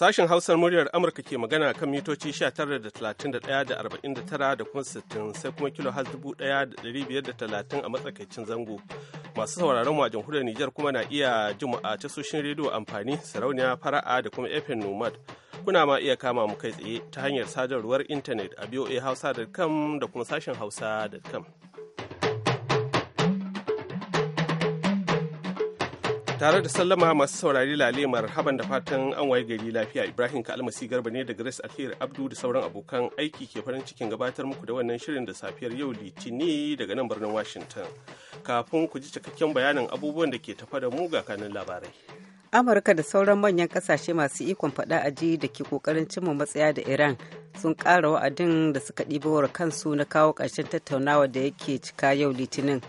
Sashen Hausar muryar Amurka ke magana kan mitoci 19.31.49 da kuma 60 sai kuma kilo 1,530 a matsakaicin zango. Masu sauraron mu a jamhuriyar Nijar kuma na iya jin a tasoshin rediyo amfani sarauniya fara'a da kuma FM Nomad. Kuna ma iya kama mu kai tsaye ta hanyar sadarwar intanet a Hausa.com da kuma sashen hausa.com. tare da sallama masu saurari lale marhaban da fatan an waye gari lafiya ibrahim kalmasi garba ne da grace alheri abdu da sauran abokan aiki ke farin cikin gabatar muku da wannan shirin da safiyar yau litini daga nan birnin washington kafin ku ji cikakken bayanin abubuwan da ke tafa da mu ga kanin labarai amurka da sauran manyan kasashe masu ikon faɗa a ji da ke kokarin cimma matsaya da iran sun kara wa'adin da suka ɗibawar kansu na kawo ƙarshen tattaunawa da yake cika yau litinin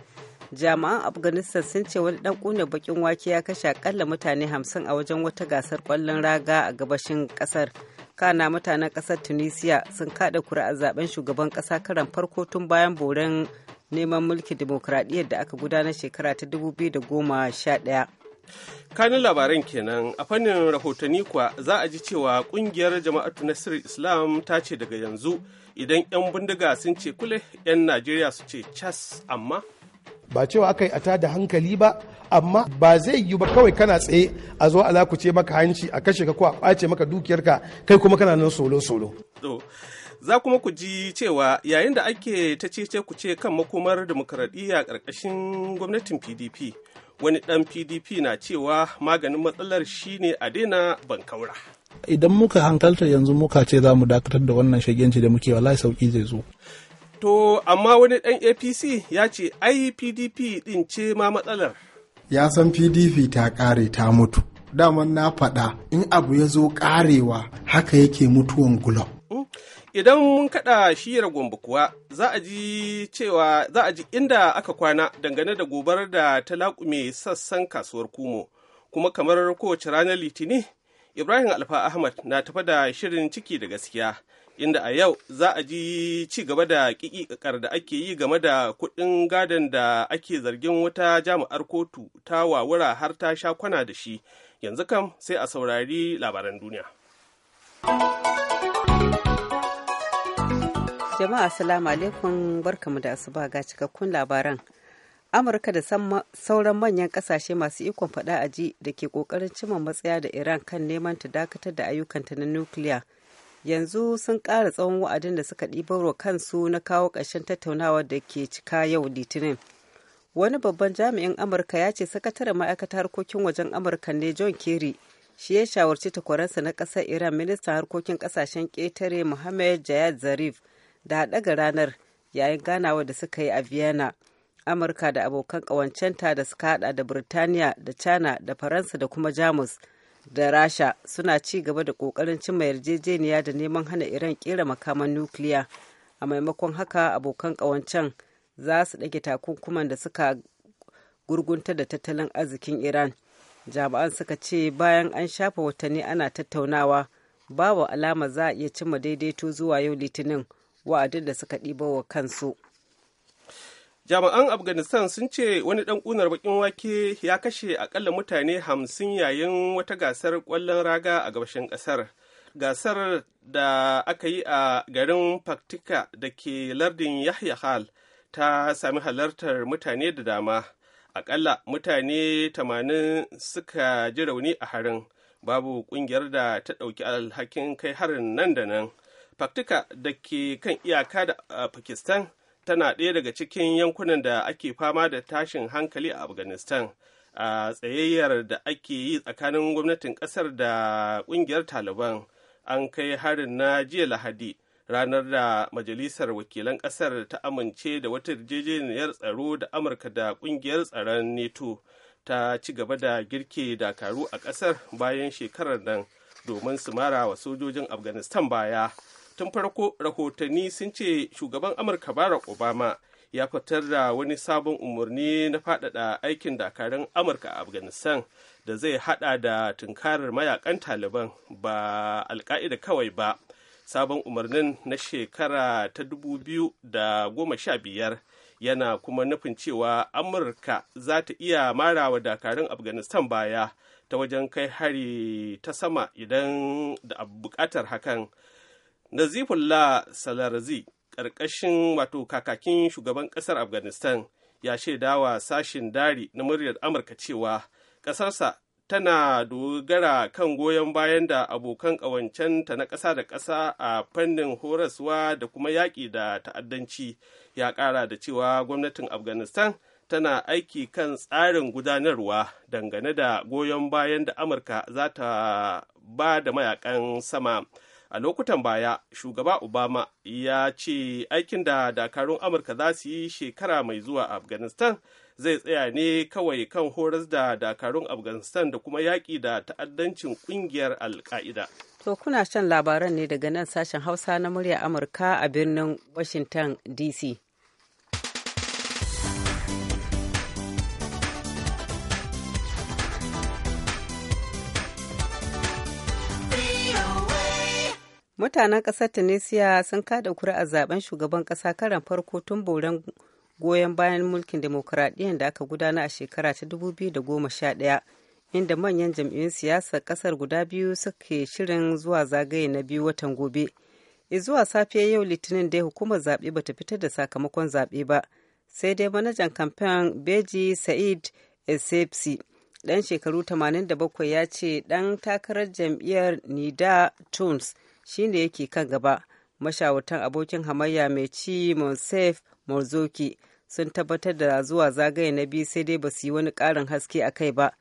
jami'an afghanistan sun ce wani dan kuna bakin wake ya kashe akalla mutane hamsin a wajen wata gasar kwallon raga a gabashin kasar kana mutanen kasar tunisia sun kada kuri'ar zaben shugaban kasa karan farko tun bayan boren neman mulki dimokuraɗiyyar da aka gudanar shekara ta 2011 kanin labaran kenan a fannin rahotanni kuwa za a ji cewa kungiyar jama'atu nasir islam ta ce daga yanzu idan 'yan bindiga sun ce kule 'yan najeriya su ce cas amma ba cewa aka yi a da hankali ba amma ba zai yi ba kawai kana tsaye a zo alakuce maka hanci a kashe ka ko a ɓace maka dukiyarka kai kuma kana nan solo solo za kuma ku ji cewa yayin da ake ta cece ku ce kan makomar demokaradiyya karkashin gwamnatin pdp wani ɗan pdp na cewa maganin matsalar shine a daina bankaura idan muka hankalta yanzu muka ce za mu dakatar da wannan shagenci da muke wallahi sauki zai zo To, amma wani ɗan APC ya ce ai PDP ɗin ce ma matsalar. Ya san PDP ta ƙare ta mutu. Daman na faɗa in abu ya zo ƙarewa haka yake mutuwan gulab. Mm. Idan mun kaɗa shiyar gombe kuwa za a ji cewa za a ji inda aka kwana dangane da gobar da ta laƙume sassan kasuwar kumo. Kuma kamar kowace ranar Litini, Ibrahim Alfa Ahmad na tafa da shirin ciki da gaskiya. inda a yau za a ji ci gaba da kikikar da ake yi game da kuɗin gadon da ake zargin wata jami'ar kotu ta wawura har ta sha kwana da shi yanzu kam sai a saurari labaran duniya jama'a assalamu alaikum barkamu da asuba ga cikakkun labaran amurka da sauran manyan kasashe masu ikon fada a ji da ke kokarin cimma matsaya da iran kan neman ta dakatar da ayyukanta na nukiliya yanzu sun ƙara tsawon wa'adin da suka ɗibarwa kansu na kawo ƙarshen tattaunawar da ke cika yau litinin wani babban jami'in amurka ya ce sakataren ma'aikata harkokin wajen amurka ne john kerry shi ya shawarci takwaransa na ƙasar iran ministan harkokin ƙasashen ƙetare mohammed jayad zarif da haɗaga ranar yayin ganawa da suka yi a vienna amurka da abokan ƙawancenta da suka haɗa da birtaniya da china da faransa da kuma jamus da rasha suna ci gaba da kokarin cimma yarjejeniya da neman hana iran kera makaman nukiliya a maimakon haka abokan kawancen za su ɗage takunkuman da suka gurgunta da tattalin arzikin iran jami'an suka ce bayan an shafa watanni ana tattaunawa babu alama za a iya cimma daidaito zuwa yau litinin wa'adin da suka ɗiba wa kansu jami'an afghanistan sun ce wani ɗan kunar bakin wake ya kashe akalla mutane hamsin yayin wata gasar kwallon raga a gabashin kasar gasar da aka yi a garin faktika da ke lardin yahya hal ta sami halartar mutane da dama akalla mutane tamanin suka ji rauni a harin babu kungiyar da ta ɗauki alhakin kai harin nan da nan faktika da ke kan iyaka da pakistan tana ɗaya daga cikin yankunan da ake fama da tashin hankali a afghanistan a tsayayyar da ake yi tsakanin gwamnatin ƙasar da ƙungiyar taliban an kai harin na jiya lahadi ranar da majalisar wakilan ƙasar ta amince da wata yarjejeniyar tsaro da amurka da ƙungiyar tsaron neto ta ci gaba da girke dakaru a ƙasar bayan shekarar nan domin su mara wa sojojin afghanistan baya tun farko rahotanni sun ce shugaban amurka barack obama ya fitar da wani sabon umarni na faɗaɗa aikin dakarun amurka a afghanistan da zai haɗa da tunkarar mayakan taliban ba alka'ida kawai ba sabon umarnin na shekara ta 2015 yana kuma nufin cewa amurka za ta iya marawa dakarun afghanistan baya ta wajen kai hari ta sama idan da bukatar hakan nazifullah salarzi ƙarƙashin wato kakakin shugaban ƙasar afghanistan ya shaida wa sashin dari na muryar amurka cewa ƙasarsa tana dogara kan goyon bayan da abokan ƙawancenta na ƙasa da ƙasa a fannin horaswa da kuma yaƙi da ta'addanci ya ƙara da cewa gwamnatin afghanistan tana aiki kan tsarin gudanarwa dangane da goyon bayan da amurka za ta ba da mayakan sama a lokutan baya shugaba obama ya ce aikin da dakarun amurka za su yi shekara mai zuwa afghanistan zai tsaya ne kawai kan horas da dakarun afghanistan da kuma yaƙi da ta'addancin ƙungiyar alka'ida to kuna shan labaran ne daga nan sashen hausa na murya amurka a birnin washington dc mutanen ƙasar tunisia sun kada kuri'a zaben shugaban ƙasa karan farko tun boran goyon bayan mulkin demokuraɗiyyar da aka gudana a shekara ta 2011 inda manyan jam'iyyun siyasar ƙasar guda biyu suke shirin zuwa zagaye na biyu watan gobe zuwa safiya yau litinin dai hukumar zaɓe bata fitar da sakamakon zaɓe ba sai dai manajan kamfen beji said esepsi ɗan shekaru 87 ya ce ɗan takarar jam'iyyar nida tunes shine yake kan gaba mashawartan abokin hamayya mai ci monsef morzoki sun tabbatar da zuwa zagaye na biyu sai dai ba su yi wani ƙarin haske a kai ba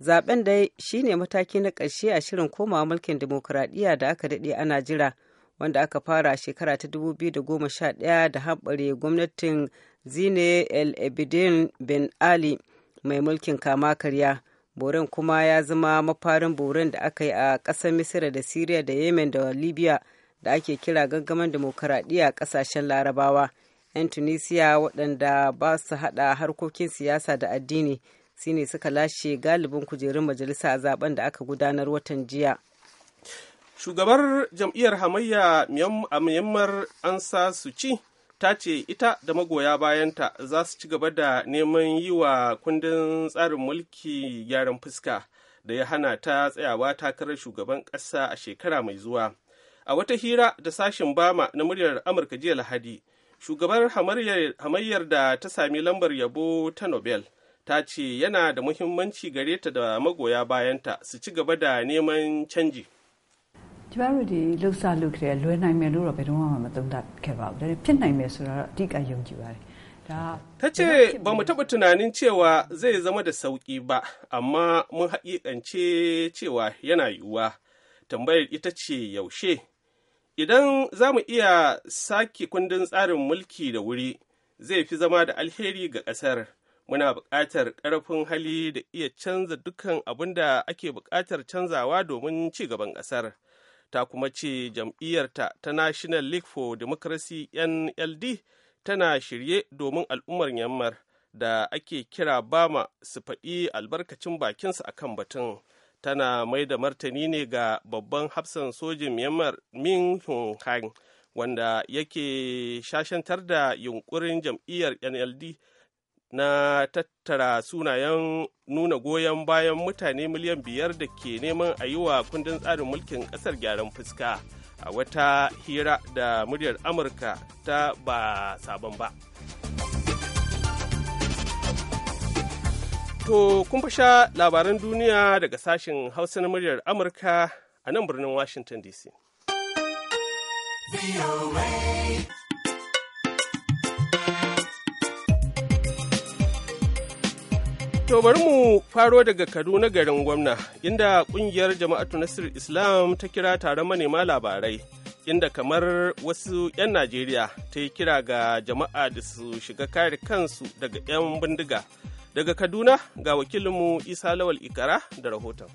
zaben dai shine mataki na ƙarshe a shirin komawa mulkin demokuraɗiyya da aka daɗe ana jira wanda aka fara shekara ta 2011 da haɓare gwamnatin zine el abidin ben ali mai mulkin kama karya boren kuma ya zama mafarin boren da aka yi a ƙasar misira da syria da yemen da libya da ake kira gangamin demokaradiyya a ƙasashen larabawa 'yan tunisiya waɗanda ba su haɗa harkokin siyasa da addini sine suka lashe galibin kujerun majalisa a zaben da aka gudanar watan jiya shugabar jam'iyyar hamayya a myanmar an sa su ci ta ce ita da magoya bayanta za su ci gaba da neman yi wa kundin tsarin mulki gyaran fuska da ya hana ta tsayawa takarar shugaban ƙasa a shekara mai zuwa a wata hira da sashen bama na muryar amurka jiya lahadi shugabar hamayyar da ta sami lambar yabo ta nobel ta ce yana da muhimmanci gare ta da magoya bayanta su ci gaba da neman canji. ကျမတို့ဒီလှုပ်ရှားလုပ်ကြတယ်လွယ်နိုင်မယ်လို့တော့ဘယ်တော့မှမသုံးသပ်ခဲ့ပါဘူး။ဖြစ်နိုင်မယ်ဆိုတာအဓိကယုံကြည်ပါတယ်။ဒါ ta ce ba mu taɓa tunanin cewa zai zama da sauƙi ba amma mun haƙiƙance cewa yana yiwuwa tambayar ita ce yaushe idan za mu iya sake kundin tsarin mulki da wuri zai fi zama da alheri ga ƙasar muna buƙatar ƙarfin hali da iya canza dukkan abin da ake buƙatar canzawa domin ci gaban ƙasar ta kuma ce jam'iyyarta ta national league for democracy nld tana shirye domin al'ummar yammar da ake kira bama su faɗi albarkacin bakinsu a kan batun tana mai da martani ne ga babban hafsan sojin myanmar min hung wanda yake shashantar da yunkurin jam'iyyar nld na tattara sunayen nuna goyon bayan mutane miliyan biyar da ke neman a yi wa kundin tsarin mulkin ƙasar gyaran fuska a wata hira da muryar amurka ta ba sabon ba to kun fasha labaran duniya daga sashen hausa na muryar amurka a nan birnin washington dc To bari mu faro daga Kaduna garin gwamna inda kungiyar jama'atu Nasir Islam ta kira taron manema labarai inda kamar wasu 'yan Najeriya ta yi kira ga jama'a da su shiga kare kansu daga 'yan bindiga. Daga Kaduna ga wakilinmu Isa Lawal Ikara da rahoton.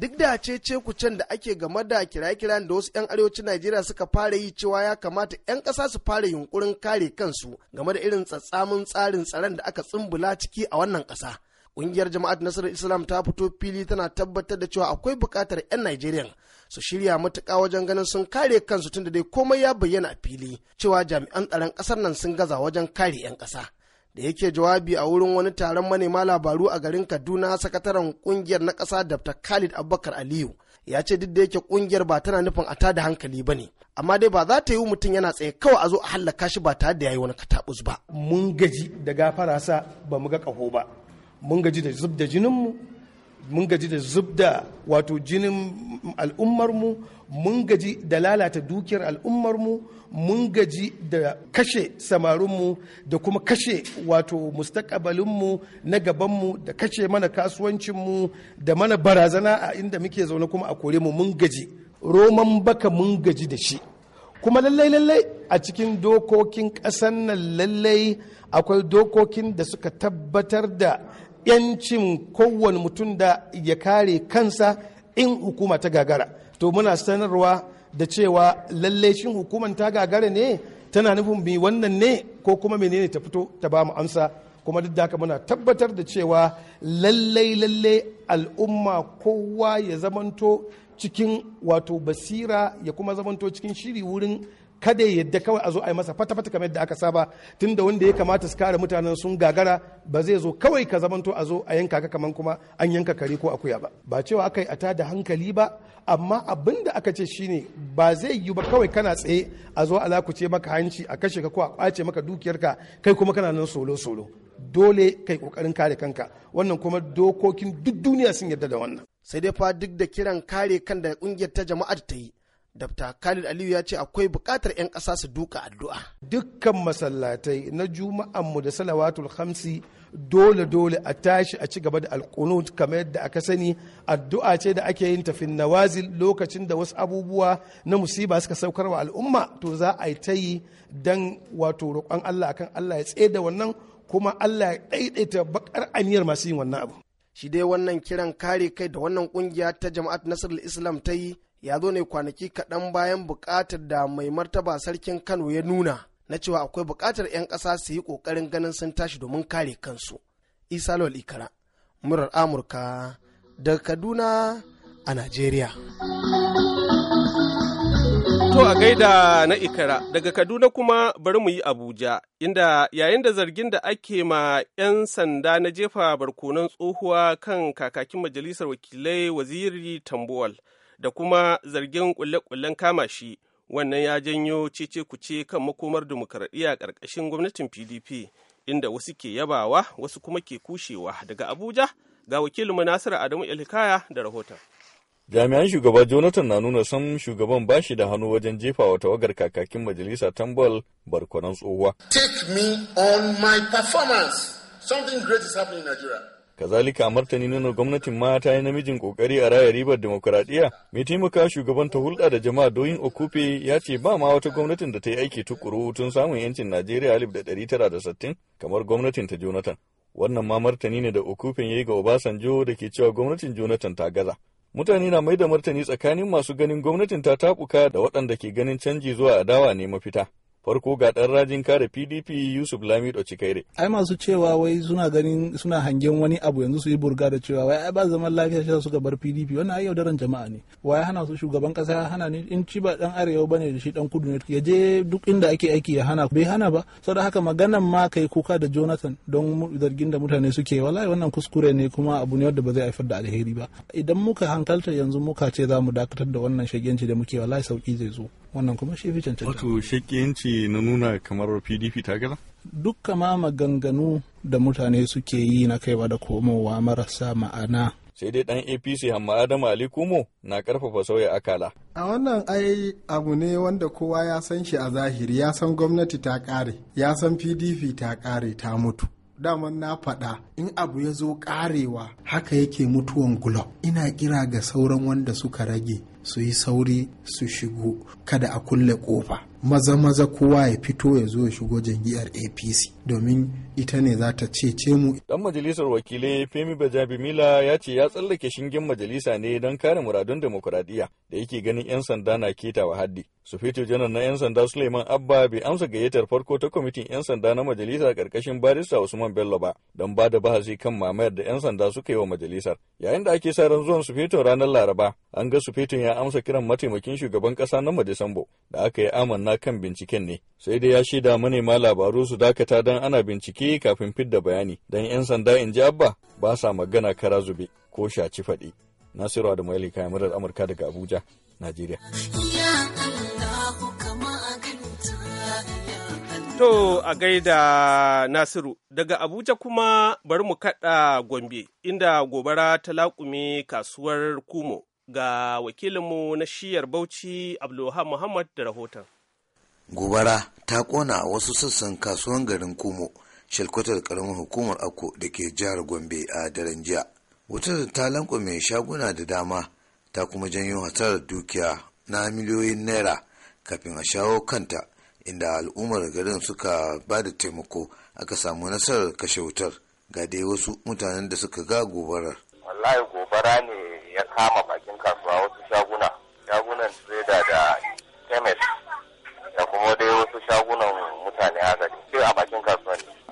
duk da cece kucen da ake game da kira-kiran da wasu 'yan arewacin Najeriya suka fara yi cewa ya kamata 'yan ƙasa su fara yunkurin kare kansu game da irin tsatsamin tsarin tsaron da aka tsumbula ciki a wannan ƙasa. Ƙungiyar jama'at Nasarar Islam ta fito fili tana tabbatar da cewa akwai bukatar 'yan Najeriya su shirya matuka wajen ganin sun kare kansu tunda dai komai ya bayyana a fili cewa jami'an tsaron kasar nan sun gaza wajen kare 'yan ƙasa. da yake jawabi a wurin wani taron manema labaru a garin Kaduna sakataren kungiyar na ƙasa Dr. Khalid Abubakar Aliyu ya ce duk da yake kungiyar ba tana nufin a tada hankali ba ne amma dai ba za ta yi mutum yana tsaye kawai a zo a hallaka shi ba tare da ya yi wani kataɓus ba mun gaji da gafara ba mu ga ƙaho ba mun gaji da zub da jininmu mun gaji da zub da wato jinin al'ummarmu mun gaji da lalata dukiyar al'ummarmu mun gaji da kashe samarinmu da kuma kashe wato mustakabalinmu na gabanmu da kashe mana kasuwancinmu da mana barazana a inda muke zaune kuma a kore mu mun gaji roman baka mun gaji da shi kuma lallai lallai a cikin dokokin ƙasan nan lallai akwai dokokin da suka tabbatar da yancin kowane mutum da ya kare kansa in hukuma ta gagara to muna sanarwa da cewa lallai shin hukumar ta gagara ne tana nufin bi wannan ne ko kuma menene ta fito ta ba mu amsa kuma duk da haka muna tabbatar da cewa lallai lallai al'umma kowa ya zamanto cikin wato basira ya kuma zamanto cikin shiri wurin kada ya yadda kawai a zo a yi masa fata-fata kamar yadda aka saba tunda wanda ya kamata su kare mutanen sun gagara ba zai zo kawai ka zamanto a zo a yanka ka kamar kuma an yanka kare ko akuya ba ba cewa aka yi a da hankali ba amma abin da aka ce shine ba zai yi ba kawai kana tsaye a zo a lakuce maka hanci a kashe ka ko a kwace maka dukiyarka kai kuma kana nan solo-solo dole kai kokarin kare kanka wannan kuma dokokin duk duniya sun yarda da wannan sai dai fa duk da kiran kare kan da kungiyar ta jama'a ta yi Dr. Khalid Aliyu ya ce akwai buƙatar 'yan ƙasa su duka addu'a. Dukkan masallatai na juma'anmu da salawatul hamsi dole dole a tashi a ci gaba da alkunut kamar yadda aka sani addu'a ce da ake yin tafin nawazil lokacin da wasu abubuwa na musiba suka saukar wa al'umma to za a yi ta yi don wato roƙon Allah akan Allah ya tsaye da wannan kuma Allah ya ɗaiɗaita bakar aniyar masu yin wannan abu. Shi dai wannan kiran kare kai da wannan ƙungiya ta jama'at nasarar Islam ta yi ya zo ne kwanaki kaɗan bayan buƙatar da mai martaba sarkin Kano ya nuna na cewa akwai buƙatar 'yan ƙasa su yi ƙoƙarin ganin sun tashi domin kare kansu. Isa lol Ikara, murar Amurka daga Kaduna a Najeriya. To a gaida na Ikara daga Kaduna kuma bari mu yi Abuja inda yayin da zargin da ake ma 'yan sanda na jefa barkonon tsohuwa kan kakakin majalisar wakilai waziri tambuwal. da kuma zargin ƙulle kullen kama shi wannan ya janyo cece kuce kan makomar dimokuraɗiyya ƙarƙashin gwamnatin pdp inda wasu ke yabawa wasu kuma ke kushewa daga abuja ga Wakilin nasiru adamu ilhikaya da rahoton jami'an shugaba jonathan na nuna san shugaban ba shi da hannu wajen jefa wa tawagar kakakin majalisa tambal barkonan tsohuwa take me on my performance something great is happening in nigeria kazalika a martani na gwamnatin mata ta yi namijin kokari a raya ribar demokuraɗiyya mai taimaka shugaban ta hulɗa da jama'a doyin okupe ya ce ba ma wata gwamnatin da ta yi aiki tukuru tun samun yancin najeriya alif da ɗari tara da sittin kamar gwamnatin ta jonathan wannan ma martani ne da okupen ya yi ga obasanjo da ke cewa gwamnatin jonathan ta gaza mutane na mai da martani tsakanin masu ganin gwamnatin ta tabuka da waɗanda ke ganin canji zuwa adawa ne mafita farko ga ɗan rajin kare pdp yusuf lamido cikaire ai masu cewa wai suna ganin suna hangen wani abu yanzu su yi burga da cewa wai ai ba zaman lafiya shi su gabar pdp wannan ai yaudaran jama'a ne wai hana su shugaban kasa hana ni in ci ba dan arewa bane da shi dan kudu ne ya je duk inda ake aiki ya hana bai hana ba saboda haka maganan ma kai kuka da jonathan don zargin da mutane suke wallahi wannan kuskure ne kuma abu ne wanda ba zai haifar da alheri ba idan muka hankalta yanzu muka ce za mu dakatar da wannan shagenci da muke wallahi sauki zai zo wannan kuma shi fi cancanta wato shakiyanci na nuna kamar pdp ta gaza duk kama maganganu da mutane suke yi na kaiwa da komowa marasa ma'ana sai dai ɗan apc hamma adam ali kumo na karfafa sauya akala a wannan ai abu ne wanda kowa ya san shi a zahiri ya san gwamnati ta ƙare, ya san pdp ta ƙare ta mutu daman na faɗa in abu ya zo ƙarewa. haka yake mutuwan gulob ina kira ga sauran wanda suka rage su yi sauri su shigo kada a kulle kofa maza maza kowa ya fito ya zo ya shigo jam'iyyar apc domin ita ne za ta cece mu dan majalisar wakilai femi bajabimila ya ce ya tsallake shingen majalisa ne don kare muradun demokuraɗiyya da yake ganin 'yan sanda na wa haddi sufeto janar na 'yan sanda suleiman abba bai amsa gayyatar farko ta kwamitin 'yan sanda na majalisa karkashin barista usman bello ba don ba da bahasi kan mamayar da 'yan sanda suka yi wa majalisar yayin da ake sa ran zuwan sufeto ranar laraba an ga sufeton ya amsa kiran mataimakin shugaban kasa na madisambo da aka yi amanna na kan binciken ne sai dai ya shaida manema labaru su dakata don ana bincike kafin fidda bayani don 'yan sanda in ji abba ba sa magana kara zube ko shaci faɗi nasiru adamu yali kayan murar amurka daga abuja najeriya To a gaida Nasiru, daga Abuja kuma bari mu kaɗa Gombe, inda gobara ta laƙume kasuwar Kumo ga wakilinmu na shiyar Bauchi Abdulluhan Muhammad da rahoton. gobara ta kona wasu sassan kasuwan garin kumo shalkwatar karamar hukumar akko da ke jihar gombe a daren jiya wutar ta lankwame shaguna da dama ta kuma janyo hasarar dukiya na miliyoyin naira kafin a shawo kanta inda al'ummar garin suka ba da taimako aka samu nasarar kashe wutar ga dai wasu mutanen da suka ga gobarar wallahi gobara ne ya kama bakin kasuwa wasu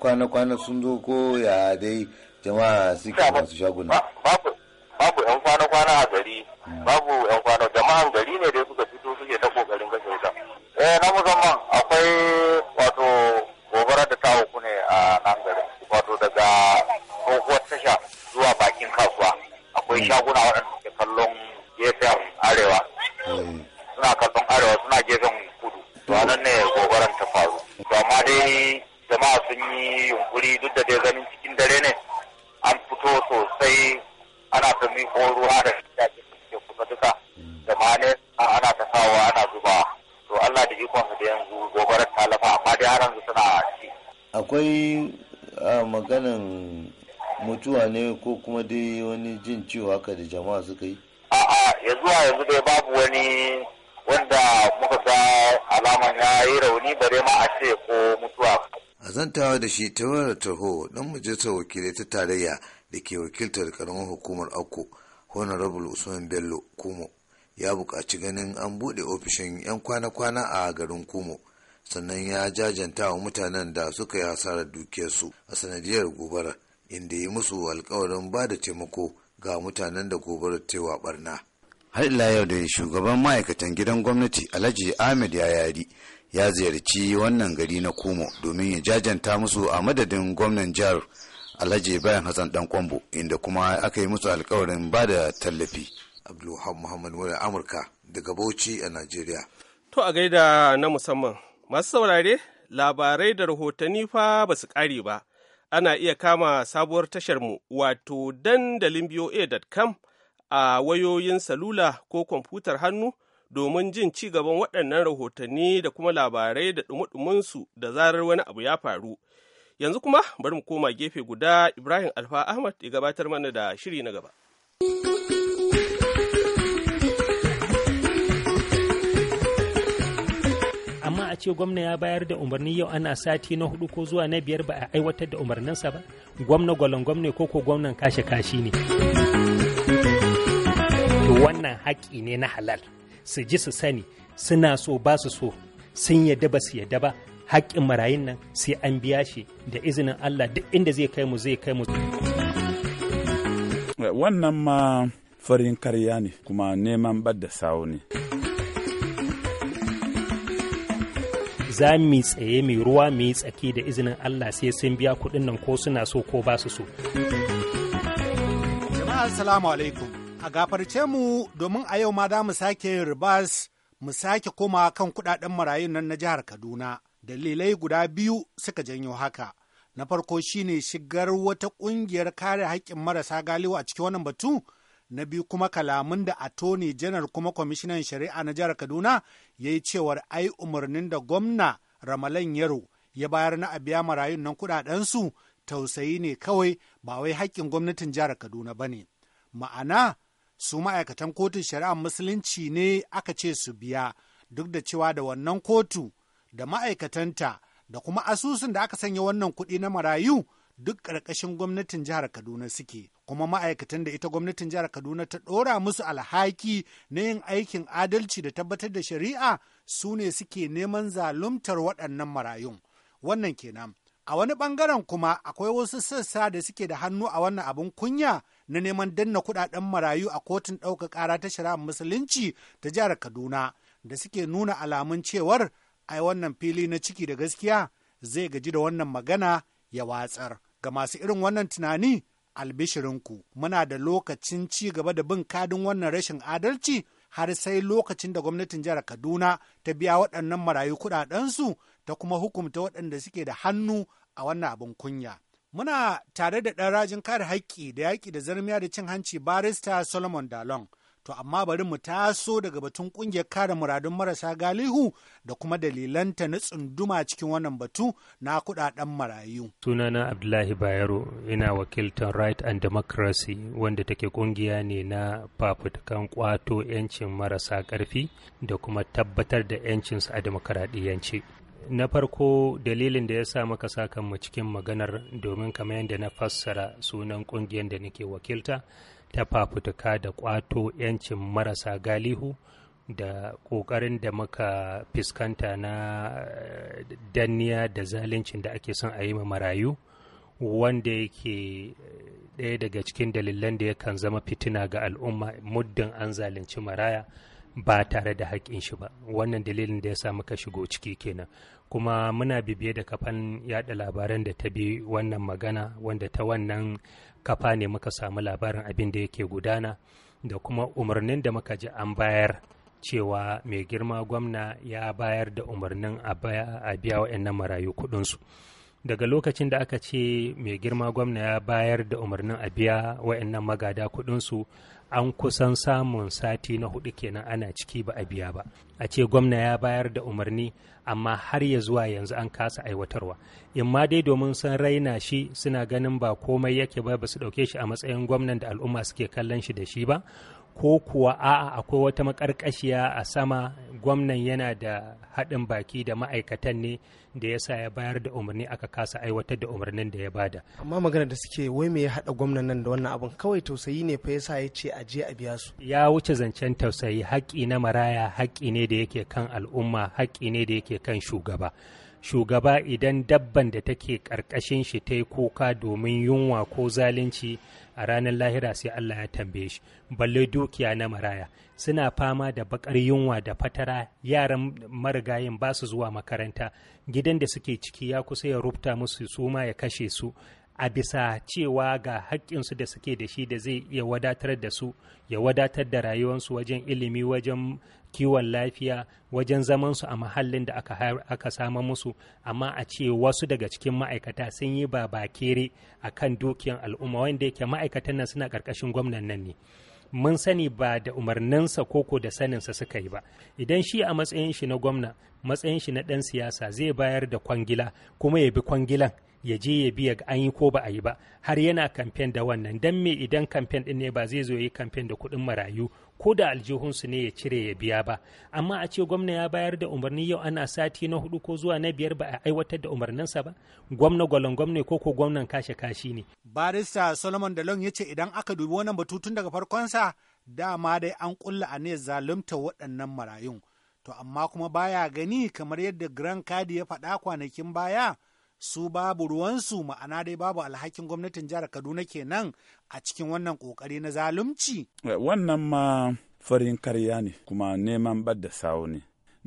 kwana-kwana sun zo ko ya dai jama'a suke masu shaguna kuma dai wani jin ciwo haka da jama'a suka yi a'a ya zuwa yanzu dai babu wani wanda muka ga alama ya yi rauni bare ma a ce ko mutuwa a zantawa da shi ta taho dan majalisar wakilai ta tarayya da ke wakiltar karamar hukumar akko honorable usman bello kumo ya buƙaci ganin an buɗe ofishin 'yan kwana-kwana a garin kumo sannan ya jajanta wa mutanen da suka yi hasarar dukiyarsu a sanadiyar gobarar inda ya musu alkawarin ba da taimako ga mutanen da gobarar tewa barna. har ila yau da shugaban ma'aikatan gidan gwamnati alhaji ahmed ya yari ya ziyarci wannan gari na kumo domin ya jajanta musu a madadin gwamnan jihar alhaji bayan hassan dan kwambo inda kuma aka yi musu alkawarin ba da tallafi abdulwahab muhammad wani amurka daga bauchi a Najeriya. to a gaida na musamman masu saurare labarai da rahotanni fa ba su kare ba ana iya kama sabuwar tasharmu wato dandalin boa.com a wayoyin salula ko kwamfutar hannu domin jin ci gaban waɗannan rahotanni da kuma labarai da ɗumuɗuminsu da zarar wani abu ya faru. Yanzu kuma bari mu koma gefe guda Ibrahim Alfa Ahmad ya gabatar mana da shiri na gaba. a ce gwamna ya bayar da umarni yau ana sati na hudu ko zuwa na biyar ba a aiwatar da umarninsa ba gwamna gwalon gwamna ko ko gwamnan kashe kashi ne to wannan haƙƙi ne na halal su ji su sani suna so ba su so sun yadda ba su yadda ba haƙƙin marayun nan sai an biya shi da izinin Allah duk inda zai kai mu zai kai mu wannan ma farin karya ne kuma neman bada sawo ne za mu tsaye mai ruwa mu tsaki da izinin Allah sai sun biya kuɗin nan ko suna so ko ba su so. Jama'a assalamu alaikum. A gafarce mu domin a yau ma za mu sake ribas mu sake koma kan kuɗaɗen marayun nan na jihar Kaduna. Dalilai guda biyu suka janyo haka. Na farko shine shigar wata ƙungiyar kare haƙƙin marasa galiwa a cikin wannan batu na biyu kuma kalamun da atoni janar kuma kwamishinan shari'a na jihar kaduna ya yi cewar ai umarnin da gwamna ramalan yaro ya bayar na a biya marayun nan su tausayi ne kawai ba wai haƙƙin gwamnatin jihar kaduna ba ne ma'ana su ma'aikatan kotun shari'a musulunci ne aka ce su biya duk da cewa da wannan kotu da ma'aikatanta da kuma asusun da aka sanya wannan kuɗi na marayu duk ƙarƙashin gwamnatin jihar Kaduna suke, kuma ma'aikatan da ita gwamnatin jihar Kaduna ta ɗora musu alhaki na yin aikin adalci da tabbatar da shari'a su ne suke neman zaluntar waɗannan marayun. Wannan kenan. A wani ɓangaren kuma akwai wasu sassa da suke da hannu a wannan abin kunya na neman danna kuɗaɗen marayu a kotun ɗauka ƙara ta shari'a musulunci ta jihar Kaduna da suke nuna alamun cewar ai wannan fili na ciki da gaskiya zai gaji da wannan magana ya watsar. Ga masu irin wannan tunani, albishirinku, muna da lokacin ci gaba da bin kadin wannan rashin adalci har sai lokacin da gwamnatin jihar Kaduna ta biya waɗannan marayu kuɗaɗensu ta kuma hukumta waɗanda suke da hannu a wannan abin kunya. Muna tare da ɗan rajin kare haƙƙi da yaƙi da zarmiya da cin hanci barista Solomon dalong To amma bari mu taso daga batun kungiyar kare muradun marasa galihu da kuma dalilanta na tsunduma cikin wannan batu na kudaden marayu. Sunana Abdullahi Bayero ina wakiltar Right and Democracy wanda take kungiya ne na fafutukan kwato 'yancin marasa karfi da kuma tabbatar da 'yancinsu a demokaradiyyance. na farko dalilin da ya sa maka sa kanmu cikin maganar domin kamar yadda na fassara sunan kungiyar da nake wakilta ta fafutuka da kwato 'yancin marasa galihu da ƙoƙarin da muka fuskanta na eh, danniya da zaluncin da ake son a yi marayu wanda yake eh, ɗaya daga cikin dalilan da yakan zama fitina ga al'umma muddin an zalunci maraya ba tare da haƙƙin shi ba wannan dalilin da ya sa muka shigo ciki kenan kuma muna bibiye da kafan yada labaran da ta bi wannan magana wanda ta wannan kafa ne muka samu labarin abin da yake gudana da kuma umarnin da muka ji an bayar cewa mai girma gwamna ya bayar da umarnin a biya wa'annan marayu kuɗinsu. daga lokacin da aka ce mai girma gwamna ya bayar da umarnin a biya wa'annan magada kudinsu an kusan samun sati na hudu kenan ana ciki ba a biya ba a ce gwamna ya bayar da umarni amma har ya zuwa yanzu an kasa aiwatarwa in ma dai domin sun raina shi suna ganin ba komai yake ba ba su ɗauke shi a matsayin gwamnan da al'umma suke kallon shi da shi ba ko kuwa a'a akwai wata makarkashiya a sama gwamnan yana da haɗin baki da ma'aikatan ne da ya sa ya bayar da umarni aka kasa aiwatar da umarnin da ya bada. amma magana da suke wai me ya haɗa gwamnan nan da wannan abin kawai tausayi ne fa yasa ya ce aje a biya su. ya wuce zancen tausayi haƙƙi na maraya haƙƙi ne da yake kan al'umma haƙƙi ne da yake kan shugaba. shugaba idan dabban da take ƙarƙashin shi ta yi kuka domin yunwa ko zalunci a ranar lahira sai Allah ya tambaye shi balle dukiya na maraya suna fama da bakar yunwa da fatara yaran marigayin ba su zuwa makaranta gidan da suke ciki ya kusa ya rubuta musu suma ya kashe su a bisa cewa ga haƙƙinsu da suke da shi da zai iya wadatar da su ya wadatar da rayuwarsu wajen ilimi wajen kiwon lafiya wajen zamansu a mahallin da aka, aka sama musu amma a ce wasu daga cikin ma'aikata sun yi ba bakere a kan dukiyan al'umma wanda yake ma'aikatan nan suna ƙarƙashin gwamnan nan ne mun sani ba da umarninsa koko da saninsa suka yi ba idan shi a matsayin shi na gwamna matsayin shi na ɗan siyasa zai bayar da kwangila kuma ya bi kwangilan ya je ya biya an yi ko ba a yi ba har yana kamfen da wannan dan me idan kamfen din ne ba zai zo yi kamfen da kuɗin marayu ko da aljihunsu ne ya cire ya biya ba amma a ce gwamna ya bayar da umarni yau ana sati na hudu ko zuwa na biyar ba a aiwatar da umarninsa ba gwamna gwalon gwamna ko ko gwamnan kashe kashi ne barista solomon dalon ya ce idan aka dubi wannan batutun daga farkonsa dama dai an kulla a ne zalunta waɗannan marayun to amma kuma baya gani kamar yadda grand kadi ya faɗa kwanakin baya su babu ruwansu ma'ana dai babu alhakin gwamnatin jihar Kaduna kenan a cikin wannan kokari na zalunci. Eh, wannan ma farin karya ne kuma neman da sawo ne.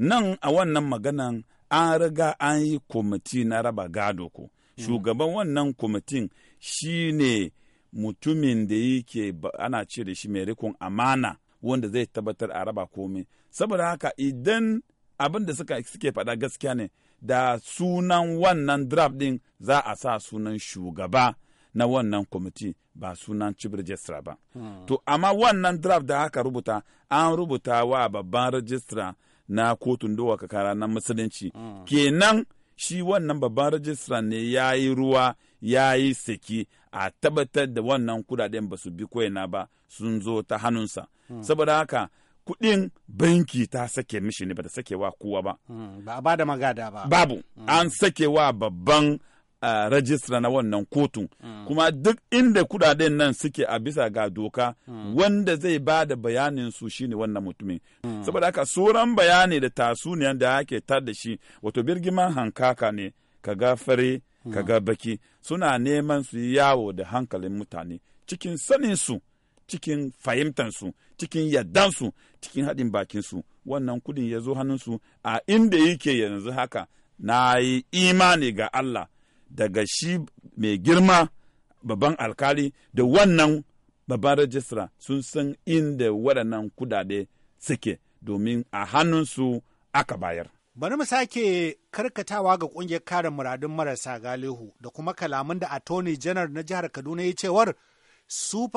Nan a wannan maganan an riga an yi kwamiti na raba gado ko. Mm. Shugaban wannan kwamitin shi ne mutumin da yake ana ce da shi mai rikon amana wanda zai tabbatar a raba komai. Saboda haka idan abin da suke faɗa gaskiya ne da sunan wannan draft din za a sa sunan shugaba na wannan kwamiti ba sunan chief registrar ba. Hmm. To, amma wannan draft da aka rubuta, an rubuta wa babban registrar na kotun dowa kara na musulunci. Hmm. Kenan shi wannan babban registrar ne ya yi ruwa ya yi saki a tabbatar da wannan kudaden ba su bi koyana ba sun zo ta hannunsa. Hmm. Saboda haka, kuɗin banki ta sake mishi ne ba ta sake wa kowa ba. Hmm, ba a bada magada ba. Babu, hmm. an sake wa babban uh, na wannan kotun. Hmm. Kuma duk inda kudaden nan suke a bisa ga doka wanda zai ba da bayanin su shine wannan mutumin. Saboda haka sauran bayani da tasuniyan da ake tar da shi wato birgiman hankaka ne ka ga fare ka ga baki suna neman su yawo da hankalin mutane cikin sanin su. cikin fahimtansu cikin yardansu cikin haɗin bakinsu wannan kudin ya zo hannunsu a inda yake yanzu haka na yi imani ga Allah daga shi mai girma babban alkali da wannan babban rajistra sun san inda waɗannan kudade suke domin a hannunsu aka bayar. Bari mu sake karkatawa ga ƙungiyar kare muradun marasa galihu da kuma kalaman da attorney general na jihar Kaduna ya cewar su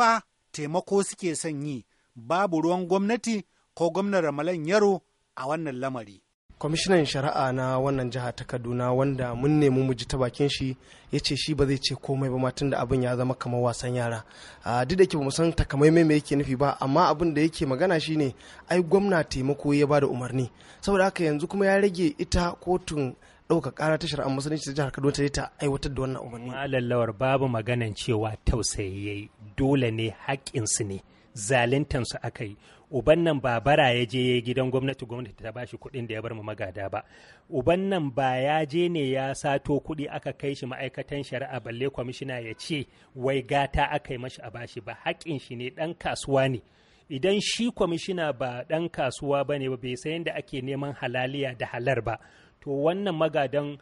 taimako suke son yi babu ruwan gwamnati ko gwamnar Ramalan Yaro a wannan lamari. kwamishinan shari'a na wannan jiha ta kaduna wanda mun nemi mu ji ta bakin shi ya ce shi ba zai ce komai ba matun da abin ya zama kamar wasan yara a duk da ke ba san takamaimai mai yake nufi ba amma abin da yake magana shi ne, ai gwamna taimako ya ba da umarni saboda haka yanzu kuma ya rage ita kotun ɗauka ƙara ta shari'ar musulunci ta jihar Kaduna ta ta aiwatar da wannan umarni. Malallawar babu maganan cewa tausayi dole ne haƙƙinsu ne su aka yi uban nan ba bara ya je ya gidan gwamnati gwamnati ta bashi kuɗin da ya bar mu magada ba uban nan ba ya je ne ya sato kuɗi aka kai shi ma'aikatan shari'a balle kwamishina ya ce wai gata aka yi mashi a bashi ba haƙƙin shi ne ɗan kasuwa ne idan shi kwamishina ba ɗan kasuwa ba ne ba bai san yadda ake neman halaliya da halar ba to wannan magadan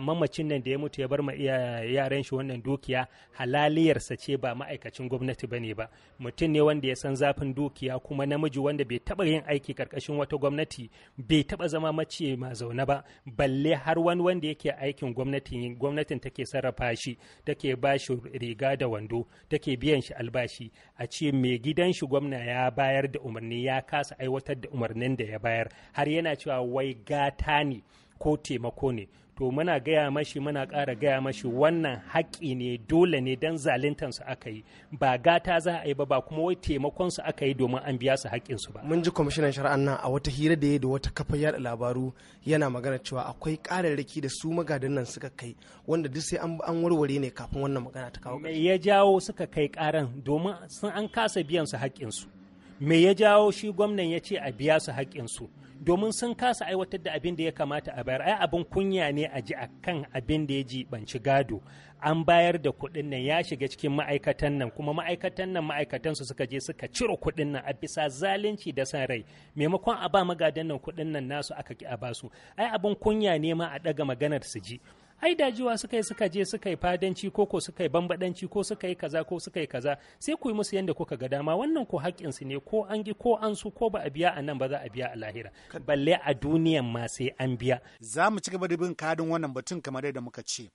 mamacin nan da ya mutu ya bar ma yaran shi wannan dukiya halaliyarsa ce ba ma'aikacin gwamnati ba ne ba mutum ne wanda ya san zafin dukiya kuma namiji wanda bai taba yin aiki karkashin wata gwamnati bai taba zama mace ma zaune ba balle har wani wanda yake aikin gwamnati gwamnatin take sarrafa shi take ba shi riga da wando take biyan shi albashi a ce mai gidan shi gwamna ya bayar da umarni ya kasa aiwatar da umarnin da ya bayar har yana cewa wai gata ne ko taimako ne to muna gaya mashi muna ƙara gaya mashi wannan haƙƙi ne dole ne don su aka yi ba gata za a yi ba ba kuma wai taimakon su aka yi domin an biya su su ba. mun ji kwamishinan shari'an nan a wata hira da ya da wata kafa yada labaru yana magana cewa akwai ƙararraki da su magadan nan suka kai wanda duk sai an warware ne kafin wannan magana ta kawo ya jawo suka kai ƙaran domin sun an kasa biyan su su. me ya jawo shi gwamnan ya ce a biya su haƙƙinsu domin sun kasa aiwatar da abin da ya kamata a bayar ai abin kunya ne a ji akan abin da ya ji banci gado an bayar da kuɗin nan ya shiga cikin ma'aikatan nan kuma ma'aikatan nan ma'aikatan su suka je suka ciro kuɗin nan a bisa zalunci da san rai maimakon a ba magadan nan kuɗin nan nasu aka ki a basu ai abin kunya ne ma a ɗaga maganar su ji ai dajiwa suka yi suka je suka yi fadanci ko ko suka yi bambadanci ko suka yi kaza ko suka yi kaza sai ku yi musu yadda kuka ga dama wannan ko haƙƙin su ne ko an gi ko an su ko ba a biya a nan ba za a biya a lahira balle a duniyan ma sai an biya za mu ci gaba da bin kadin wannan batun kamar da muka ce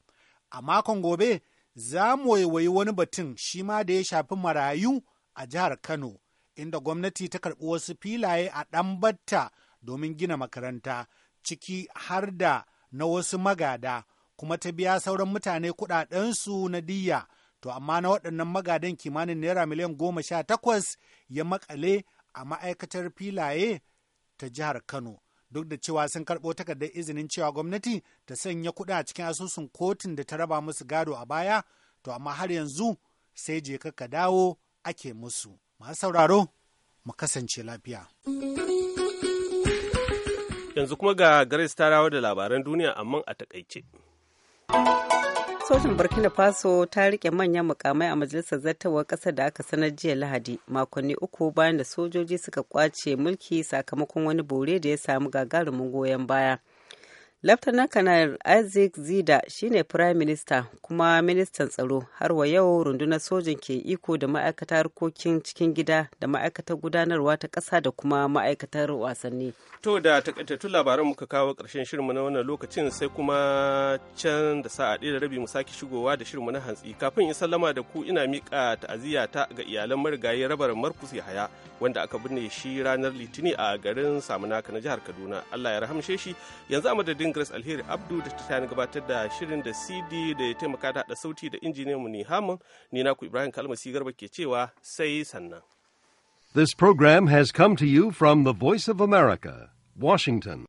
a makon gobe za mu waiwayi wani batun shi ma da ya shafi marayu a jihar Kano inda gwamnati ta karɓi wasu filaye a ɗan domin gina makaranta ciki har da na wasu magada kuma ta biya sauran mutane kuɗaɗensu na diyya. To amma na waɗannan magadan kimanin naira miliyan goma sha takwas ya makale a ma'aikatar filaye ta jihar Kano. Duk da cewa sun karɓo takardar izinin cewa gwamnati ta sanya kuɗa a cikin asusun kotun da ta raba musu gado a baya, to amma har yanzu sai je ka dawo ake musu. Masu sauraro, mu kasance lafiya. Yanzu kuma ga Grace ta rawar da labaran duniya amma a takaice. sojin burkina faso ta rike manyan mukamai a majalisar zartawar ƙasar da aka sanar jiya lahadi makonni uku bayan da sojoji suka kwace mulki sakamakon wani bore da ya samu gagarumin goyon baya Laftanar Kanar Isaac Zida shine Prime Minister kuma Ministan Tsaro har wa yau rundunar sojin ke iko da ma'aikatar kokin cikin gida da ma'aikatar gudanarwa ta kasa da kuma ma'aikatar wasanni. To da takaitattun labaran muka kawo ƙarshen shirin na wannan lokacin sai kuma can da sa'a ɗaya da rabi mu sake shigowa da shirinmu na hantsi. Kafin in sallama da ku ina miƙa ta'aziyya ta ga iyalan marigayi rabar Markus Yahaya wanda aka binne shi ranar Litini a garin Samunaka na jihar Kaduna. Allah ya rahamshe shi yanzu a madadin Grace Alheri Abdu da ta tani gabatar da shirin da CD da ya taimaka da hada sauti da injiniyan mu ne Hamun, ni naku Ibrahim Kalmasi Garba ke cewa sai sannan. This program has come to you from the Voice of America, Washington.